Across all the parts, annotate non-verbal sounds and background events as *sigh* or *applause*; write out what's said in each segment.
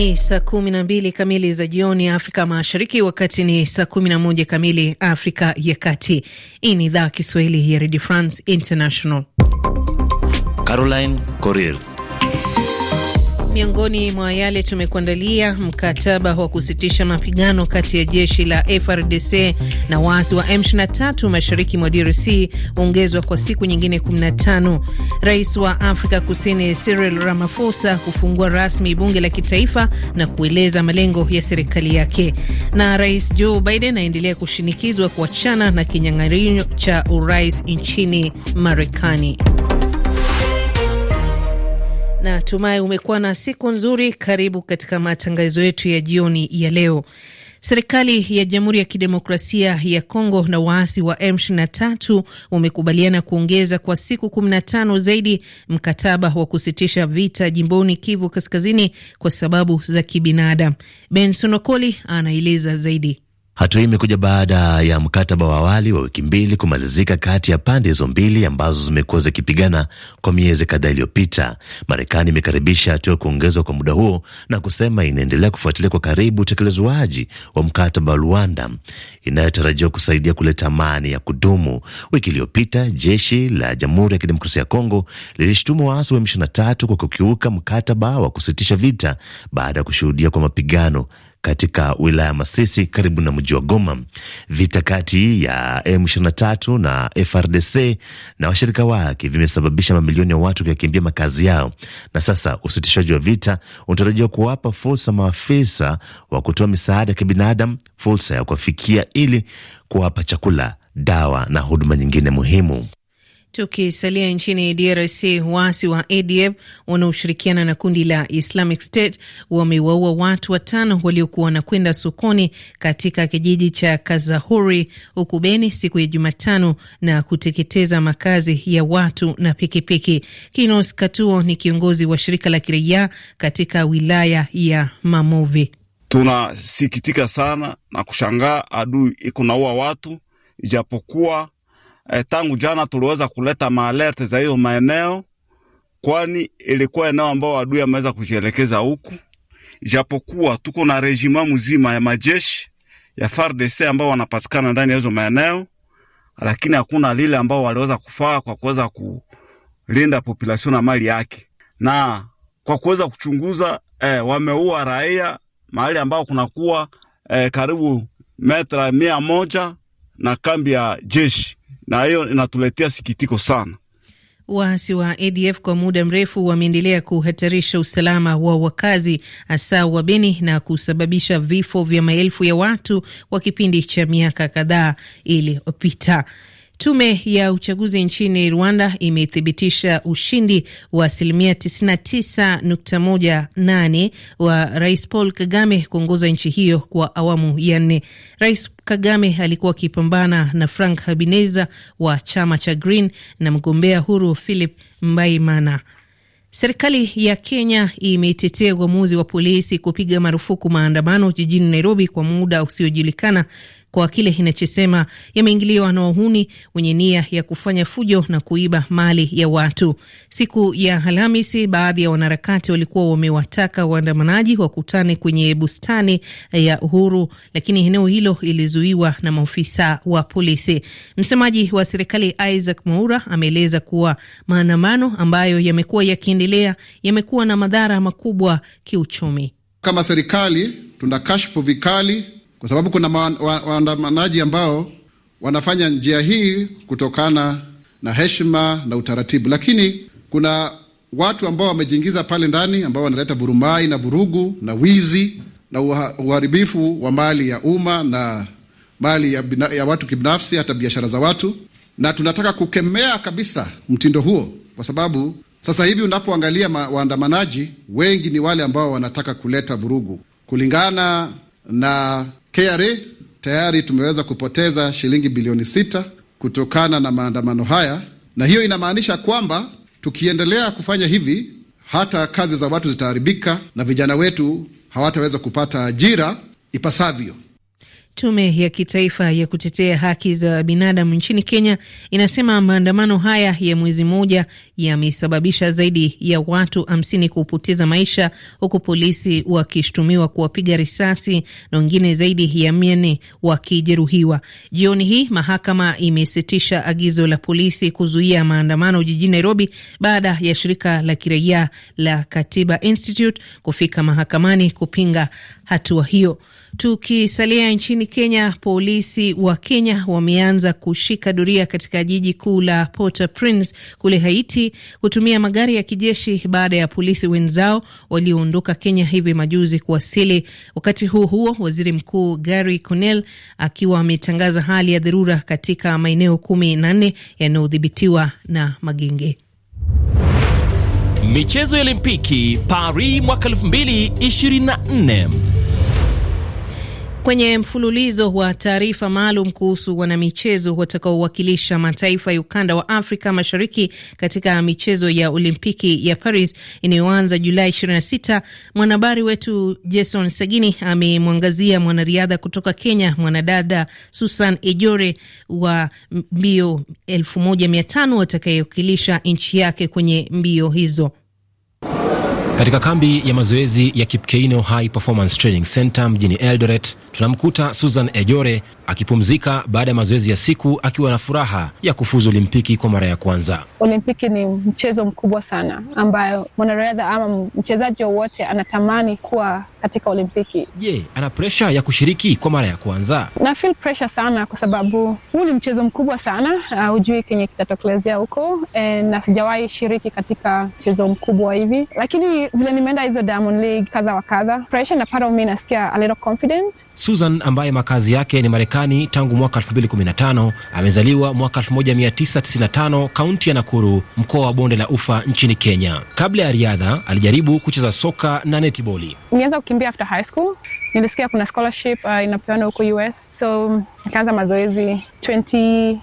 Ni saa kumi na mbili kamili za jioni Afrika Mashariki, wakati ni saa kumi na moja kamili Afrika ya Kati. Hii ni idhaa Kiswahili ya Redio France International. Caroline Coril Miongoni mwa yale tumekuandalia: mkataba wa kusitisha mapigano kati ya jeshi la FRDC na waasi wa M23 mashariki mwa DRC ongezwa kwa siku nyingine 15. Rais wa Afrika Kusini Cyril Ramaphosa kufungua rasmi bunge la kitaifa na kueleza malengo ya serikali yake, na Rais Joe Biden aendelea kushinikizwa kuachana na kinyang'anyiro cha urais nchini Marekani na tumaye umekuwa na siku nzuri. Karibu katika matangazo yetu ya jioni ya leo. Serikali ya Jamhuri ya Kidemokrasia ya Kongo na waasi wa M23 wamekubaliana kuongeza kwa siku 15 zaidi mkataba wa kusitisha vita jimboni Kivu Kaskazini kwa sababu za kibinadamu. Benson Okoli anaeleza zaidi. Hatua hii imekuja baada ya mkataba wa awali wa wiki mbili kumalizika kati ya pande hizo mbili ambazo zimekuwa zikipigana kwa miezi kadhaa iliyopita. Marekani imekaribisha hatua ya kuongezwa kwa muda huo na kusema inaendelea kufuatilia kwa karibu utekelezwaji wa mkataba wa Luanda inayotarajiwa kusaidia kuleta amani ya kudumu. Wiki iliyopita jeshi la Jamhuri ya Kidemokrasia ya Kongo lilishutumu waasi wa M23 kwa kukiuka mkataba wa kusitisha vita baada ya kushuhudia kwa mapigano katika wilaya ya Masisi karibu na mji wa Goma. Vita kati ya M23 na FRDC na washirika wake vimesababisha mamilioni ya watu kuyakimbia makazi yao, na sasa usitishaji wa vita unatarajiwa kuwapa fursa maafisa wa kutoa misaada ya kibinadamu fursa ya kuwafikia ili kuwapa chakula, dawa na huduma nyingine muhimu. Tukisalia nchini DRC, waasi wa ADF wanaoshirikiana na kundi la Islamic State wamewaua watu watano waliokuwa wanakwenda sokoni katika kijiji cha Kazahuri huku Beni siku ya Jumatano na kuteketeza makazi ya watu na pikipiki. Kinos Katuo ni kiongozi wa shirika la kiraia katika wilaya ya Mamovi. Tunasikitika sana na kushangaa adui ikunaua watu ijapokuwa eh, tangu jana tuliweza kuleta maalerte za hiyo maeneo, kwani ilikuwa eneo ambao adui ameweza kujielekeza huku, japokuwa tuko na rejima mzima ya majeshi ya FARDC ambao wanapatikana ndani ya hizo maeneo, lakini hakuna lile ambao waliweza kufaa kwa kuweza kulinda population na mali yake na kwa kuweza kuchunguza eh, wameua raia mahali ambao kunakuwa eh, karibu metra mia moja na kambi ya jeshi na hiyo inatuletea sikitiko sana. Waasi wa ADF kwa muda mrefu wameendelea kuhatarisha usalama wa wakazi hasa wa Beni na kusababisha vifo vya maelfu ya watu kwa kipindi cha miaka kadhaa iliyopita. Tume ya uchaguzi nchini Rwanda imethibitisha ushindi wa asilimia 99.18 wa Rais Paul Kagame kuongoza nchi hiyo kwa awamu ya nne. Rais Kagame alikuwa akipambana na Frank Habineza wa chama cha Green na mgombea huru Philip Mbaimana. Serikali ya Kenya imetetea uamuzi wa polisi kupiga marufuku maandamano jijini Nairobi kwa muda usiojulikana kwa kile inachosema yameingiliwa na wahuni wenye nia ya kufanya fujo na kuiba mali ya watu. Siku ya Alhamisi, baadhi ya wanaharakati walikuwa wamewataka waandamanaji wakutane kwenye bustani ya Uhuru, lakini eneo hilo ilizuiwa na maofisa wa polisi. Msemaji wa serikali Isaac moura ameeleza kuwa maandamano ambayo yamekuwa yakiendelea yamekuwa na madhara makubwa kiuchumi. Kama serikali tuna kashfu vikali kwa sababu kuna waandamanaji wa, wa ambao wanafanya njia hii kutokana na heshima na utaratibu, lakini kuna watu ambao wamejiingiza pale ndani ambao wanaleta vurumai na vurugu na wizi na uharibifu wa mali ya umma na mali ya, bina, ya watu kibinafsi, hata biashara za watu, na tunataka kukemea kabisa mtindo huo, kwa sababu sasa hivi unapoangalia waandamanaji wengi ni wale ambao wanataka kuleta vurugu kulingana na KRA tayari tumeweza kupoteza shilingi bilioni sita kutokana na maandamano haya, na hiyo inamaanisha kwamba tukiendelea kufanya hivi, hata kazi za watu zitaharibika na vijana wetu hawataweza kupata ajira ipasavyo. Tume ya Kitaifa ya Kutetea Haki za Binadamu nchini Kenya inasema maandamano haya ya mwezi mmoja yamesababisha zaidi ya watu hamsini kupoteza maisha huku polisi wakishutumiwa kuwapiga risasi na wengine zaidi ya mia nne wakijeruhiwa. Jioni hii mahakama imesitisha agizo la polisi kuzuia maandamano jijini Nairobi baada ya shirika la kiraia la Katiba Institute kufika mahakamani kupinga hatua hiyo. Tukisalia nchini Kenya, polisi wa Kenya wameanza kushika doria katika jiji kuu la Port-au-Prince kule Haiti kutumia magari ya kijeshi baada ya polisi wenzao walioondoka Kenya hivi majuzi kuwasili. Wakati huo huo, waziri mkuu Gary Connell akiwa ametangaza hali ya dharura katika maeneo kumi na nne yanayodhibitiwa na magenge. Michezo ya Olimpiki Paris mwaka 2024. Kwenye mfululizo wa taarifa maalum kuhusu wanamichezo watakaowakilisha mataifa ya ukanda wa Afrika Mashariki katika michezo ya Olimpiki ya Paris inayoanza Julai 26, mwanahabari wetu Jason Sagini amemwangazia mwanariadha kutoka Kenya, mwanadada Susan Ejore wa mbio 1500 atakayewakilisha nchi yake kwenye mbio hizo. Katika kambi ya mazoezi ya Kipkeino High Performance Training Center mjini Eldoret, tunamkuta Susan Ejore akipumzika baada ya mazoezi ya siku akiwa na furaha ya kufuzu Olimpiki kwa mara ya kwanza. Olimpiki ni mchezo mkubwa sana ambayo mwanariadha ama mchezaji wowote anatamani kuwa katika Olimpiki. Je, ana presha ya kushiriki kwa mara ya kwanza? Na feel sana kwa sababu huu ni mchezo mkubwa sana, uh, hujui uh, kenye kitatokelezea huko e, na sijawahi shiriki katika mchezo mkubwa hivi, lakini vile nimeenda hizo Diamond League kadha wa kadha, presha na mi nasikia a little confident Susan ambaye makazi yake ni Marekani tangu mwaka 2015 amezaliwa mwaka 1995 kaunti ya Nakuru, mkoa wa bonde la ufa nchini Kenya. Kabla ya riadha, alijaribu kucheza soka na netiboli. Nilianza kukimbia after high school. Nilisikia kuna scholarship uh, inapeana huko US, so nikaanza mazoezi 2013,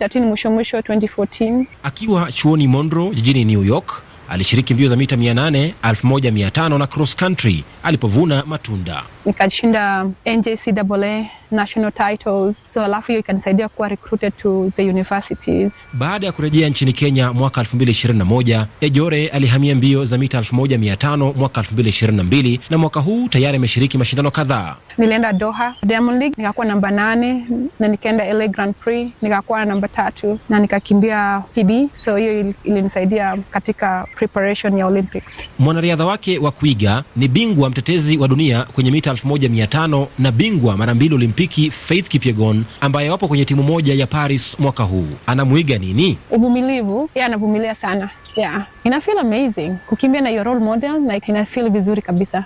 13 mwisho mwisho 2014. Akiwa chuoni Monroe jijini New York alishiriki mbio za mita 800, 1500 na cross country alipovuna matunda nikashinda NJCAA national titles, so alafu hiyo ikanisaidia kuwa recruited to the universities. Baada ya kurejea nchini Kenya mwaka 2021, Ejore alihamia mbio za mita 1500 mwaka 2022 na mwaka huu tayari ameshiriki mashindano kadhaa. Nilienda Doha Diamond League nikakuwa namba nane na nikaenda LA Grand Prix nikakuwa namba tatu na nikakimbia PB, so hiyo ilinisaidia katika preparation ya Olympics. Mwanariadha wake wa kuiga ni bingwa mtetezi wa dunia kwenye mita mita 1500 na bingwa mara mbili Olimpiki Faith Kipyegon ambaye wapo kwenye timu moja ya Paris mwaka huu. Anamwiga nini? Uvumilivu. Yeye anavumilia sana. Yeah, ina feel amazing kukimbia na your role model na ina feel vizuri kabisa.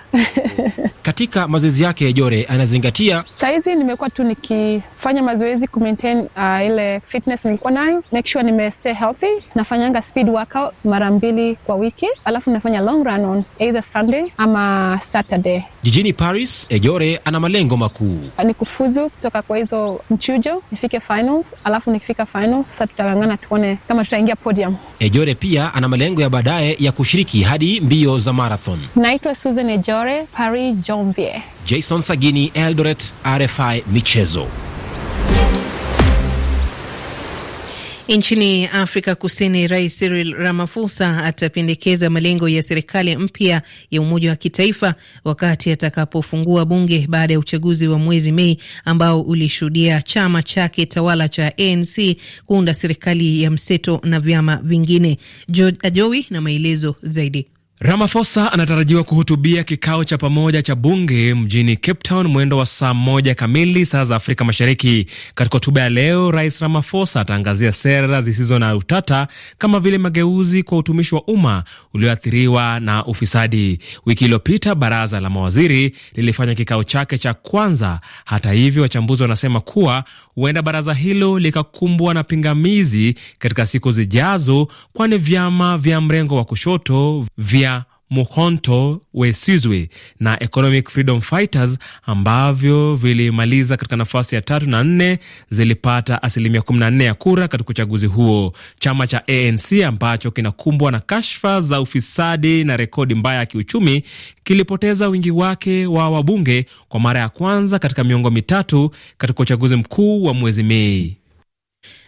*laughs* Katika mazoezi yake Jore anazingatia saizi, nimekuwa tu nikifanya mazoezi ku maintain uh, ile fitness nilikuwa nayo, make sure nime stay healthy. Nafanyanga speed workouts mara mbili kwa wiki, alafu nafanya long run on either Sunday ama Saturday. Jijini Paris, Ejore ana malengo makuu ni kufuzu kutoka kwa hizo mchujo, nifike finals, alafu nikifika finals sasa tutang'ang'ana tuone kama tutaingia podium. Ejore pia ana malengo ya baadaye ya kushiriki hadi mbio za marathon. Naitwa Susan Ejore, Paris jombie Jason Sagini, Eldoret, RFI Michezo. Nchini Afrika Kusini, Rais Cyril Ramaphosa atapendekeza malengo ya serikali mpya ya umoja wa kitaifa wakati atakapofungua bunge baada ya uchaguzi wa mwezi Mei ambao ulishuhudia chama chake tawala cha ANC kuunda serikali ya mseto na vyama vingine. George Ajowi na maelezo zaidi. Ramafosa anatarajiwa kuhutubia kikao cha pamoja cha bunge mjini Cape Town mwendo wa saa moja kamili saa za Afrika Mashariki. Katika hotuba ya leo, Rais ramafosa ataangazia sera zisizo na utata kama vile mageuzi kwa utumishi wa umma ulioathiriwa na ufisadi. Wiki iliyopita baraza la mawaziri lilifanya kikao chake cha kwanza. Hata hivyo, wachambuzi wanasema kuwa huenda baraza hilo likakumbwa na pingamizi katika siku zijazo, kwani vyama vya mrengo wa kushoto vya Mukhonto Wesizwe na Economic Freedom Fighters ambavyo vilimaliza katika nafasi ya tatu na nne zilipata asilimia 14 ya kura katika uchaguzi huo. Chama cha ANC ambacho kinakumbwa na kashfa za ufisadi na rekodi mbaya ya kiuchumi kilipoteza wingi wake wa wabunge kwa mara ya kwanza katika miongo mitatu katika uchaguzi mkuu wa mwezi Mei.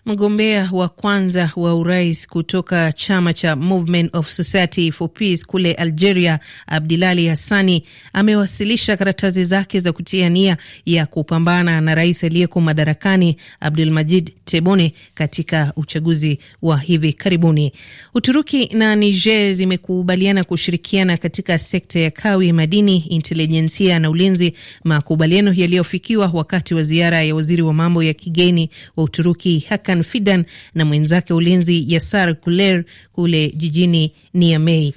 Mgombea wa kwanza wa urais kutoka chama cha Movement of Society for Peace kule Algeria, Abdilali Hassani amewasilisha karatasi zake za kutia nia ya kupambana na rais aliyeko madarakani abdul majid Tebboune katika uchaguzi wa hivi karibuni. Uturuki na Niger zimekubaliana kushirikiana katika sekta ya kawi, madini, intelijensia na ulinzi, makubaliano yaliyofikiwa wakati wa ziara ya waziri wa mambo ya kigeni wa Uturuki Hakan Suleiman Fidan na mwenzake ulinzi yasar Kuler kule jijini Niamey.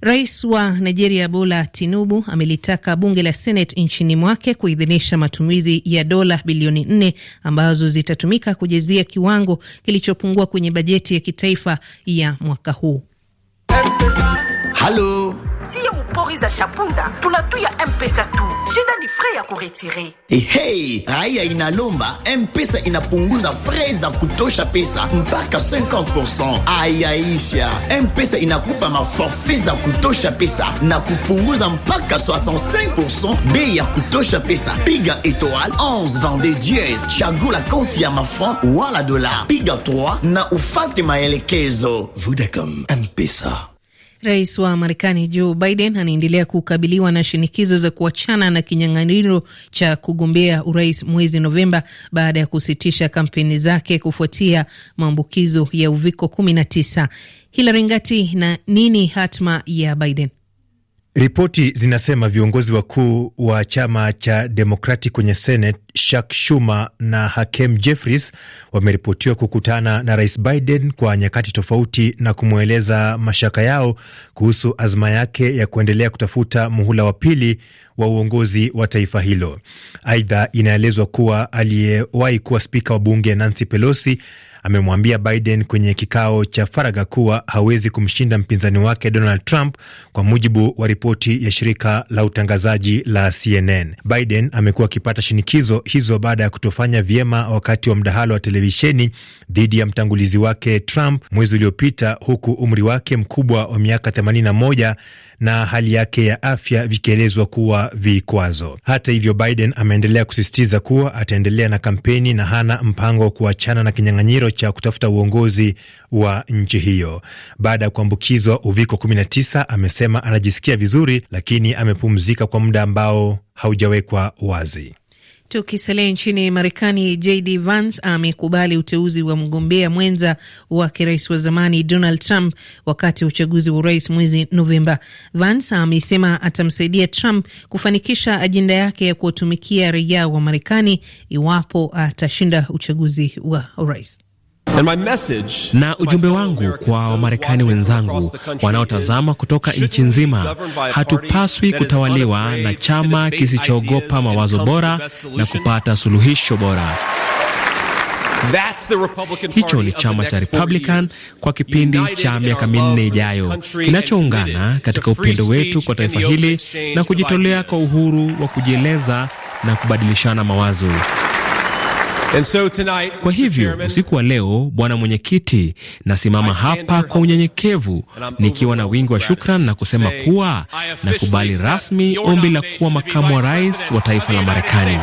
Rais wa Nigeria Bola Tinubu amelitaka bunge la Senate nchini mwake kuidhinisha matumizi ya dola bilioni nne ambazo zitatumika kujezia kiwango kilichopungua kwenye bajeti ya kitaifa ya mwaka huu. Halo. siye muporiza shapunda tunatuya mpesa tu shida ni fre ya kuretire ehei raia inalomba mpesa inapunguza fre za kutosha pesa mpaka 50 ayaisha mpesa inakupa maforfe za kutosha pesa na kupunguza mpaka 65 bei ya kutosha pesa piga étoile. 11 vende dies chagula kaunti ya mafran wala dolar piga 3 na ufate maelekezo vodacom mpesa Rais wa Marekani Joe Biden anaendelea kukabiliwa na shinikizo za kuachana na kinyang'anyiro cha kugombea urais mwezi Novemba baada ya kusitisha kampeni zake kufuatia maambukizo ya uviko 19. Hilary Ngati, na nini hatma ya Biden? Ripoti zinasema viongozi wakuu wa chama cha Demokrati kwenye Senate, Chuck Schumer na Hakeem Jeffries wameripotiwa kukutana na Rais Biden kwa nyakati tofauti na kumweleza mashaka yao kuhusu azma yake ya kuendelea kutafuta muhula wa pili wa uongozi wa taifa hilo. Aidha, inaelezwa kuwa aliyewahi kuwa spika wa bunge Nancy Pelosi amemwambia Biden kwenye kikao cha faraga kuwa hawezi kumshinda mpinzani wake Donald Trump, kwa mujibu wa ripoti ya shirika la utangazaji la CNN. Biden amekuwa akipata shinikizo hizo baada ya kutofanya vyema wakati wa mdahalo wa televisheni dhidi ya mtangulizi wake Trump mwezi uliopita, huku umri wake mkubwa wa miaka 81 na hali yake ya afya vikielezwa kuwa vikwazo. Hata hivyo, Biden ameendelea kusisitiza kuwa ataendelea na kampeni na hana mpango wa kuachana na kinyang'anyiro cha kutafuta uongozi wa nchi hiyo. Baada ya kuambukizwa uviko 19, amesema anajisikia vizuri, lakini amepumzika kwa muda ambao haujawekwa wazi. Tukisalia nchini Marekani, JD Vance amekubali uteuzi wa mgombea mwenza wake rais wa zamani Donald Trump wakati wa uchaguzi wa urais mwezi Novemba. Vance amesema atamsaidia Trump kufanikisha ajenda yake ya kuwatumikia raia wa Marekani iwapo atashinda uchaguzi wa urais. Na ujumbe wangu kwa Wamarekani wenzangu wanaotazama kutoka nchi nzima, hatupaswi kutawaliwa na chama kisichoogopa mawazo bora na kupata suluhisho bora. Hicho ni chama cha Republican kwa kipindi cha miaka minne ijayo, kinachoungana katika upendo wetu kwa taifa hili na kujitolea kwa uhuru wa kujieleza na kubadilishana mawazo. So tonight, kwa hivyo usiku wa leo bwana mwenyekiti, nasimama hapa kwa unyenyekevu nikiwa na wingi wa shukran na kusema kuwa nakubali rasmi ombi la kuwa makamu wa rais wa taifa la Marekani.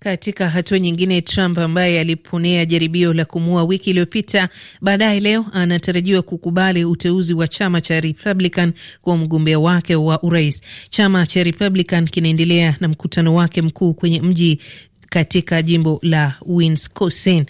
Katika hatua nyingine, Trump ambaye aliponea jaribio la kumua wiki iliyopita, baadaye leo anatarajiwa kukubali uteuzi wa chama cha Republican kwa mgombea wake wa urais. Chama cha Republican kinaendelea na mkutano wake mkuu kwenye mji katika jimbo la Wisconsin.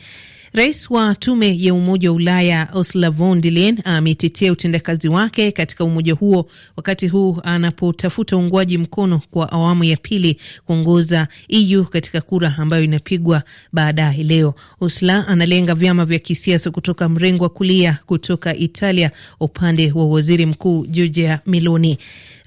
Rais wa tume ya Umoja wa Ulaya Ursula von der Leyen ametetea utendakazi wake katika umoja huo wakati huu anapotafuta uungwaji mkono kwa awamu ya pili kuongoza EU katika kura ambayo inapigwa baadaye leo. Ursula analenga vyama vya kisiasa kutoka mrengo wa kulia kutoka Italia upande wa waziri mkuu Giorgia Meloni.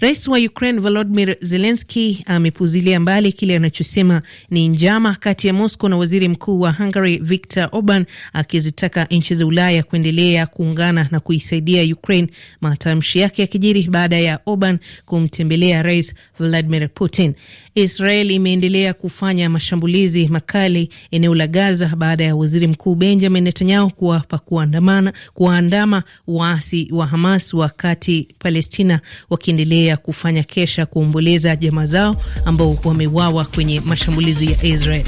Rais wa Ukraine Volodymyr Zelensky amepuzilia mbali kile anachosema ni njama kati ya Moscow na waziri mkuu wa Hungary Viktor Orban, akizitaka nchi za Ulaya kuendelea kuungana na kuisaidia Ukraine. Matamshi yake yakijiri baada ya Orban kumtembelea Rais Vladimir Putin. Israel imeendelea kufanya mashambulizi makali eneo la Gaza baada ya waziri mkuu Benjamin Netanyahu kuwapa kuandama waasi wa Hamas, wakati Palestina wakiendelea ya kufanya kesha kuomboleza jamaa zao ambao wamewawa kwenye mashambulizi ya Israel.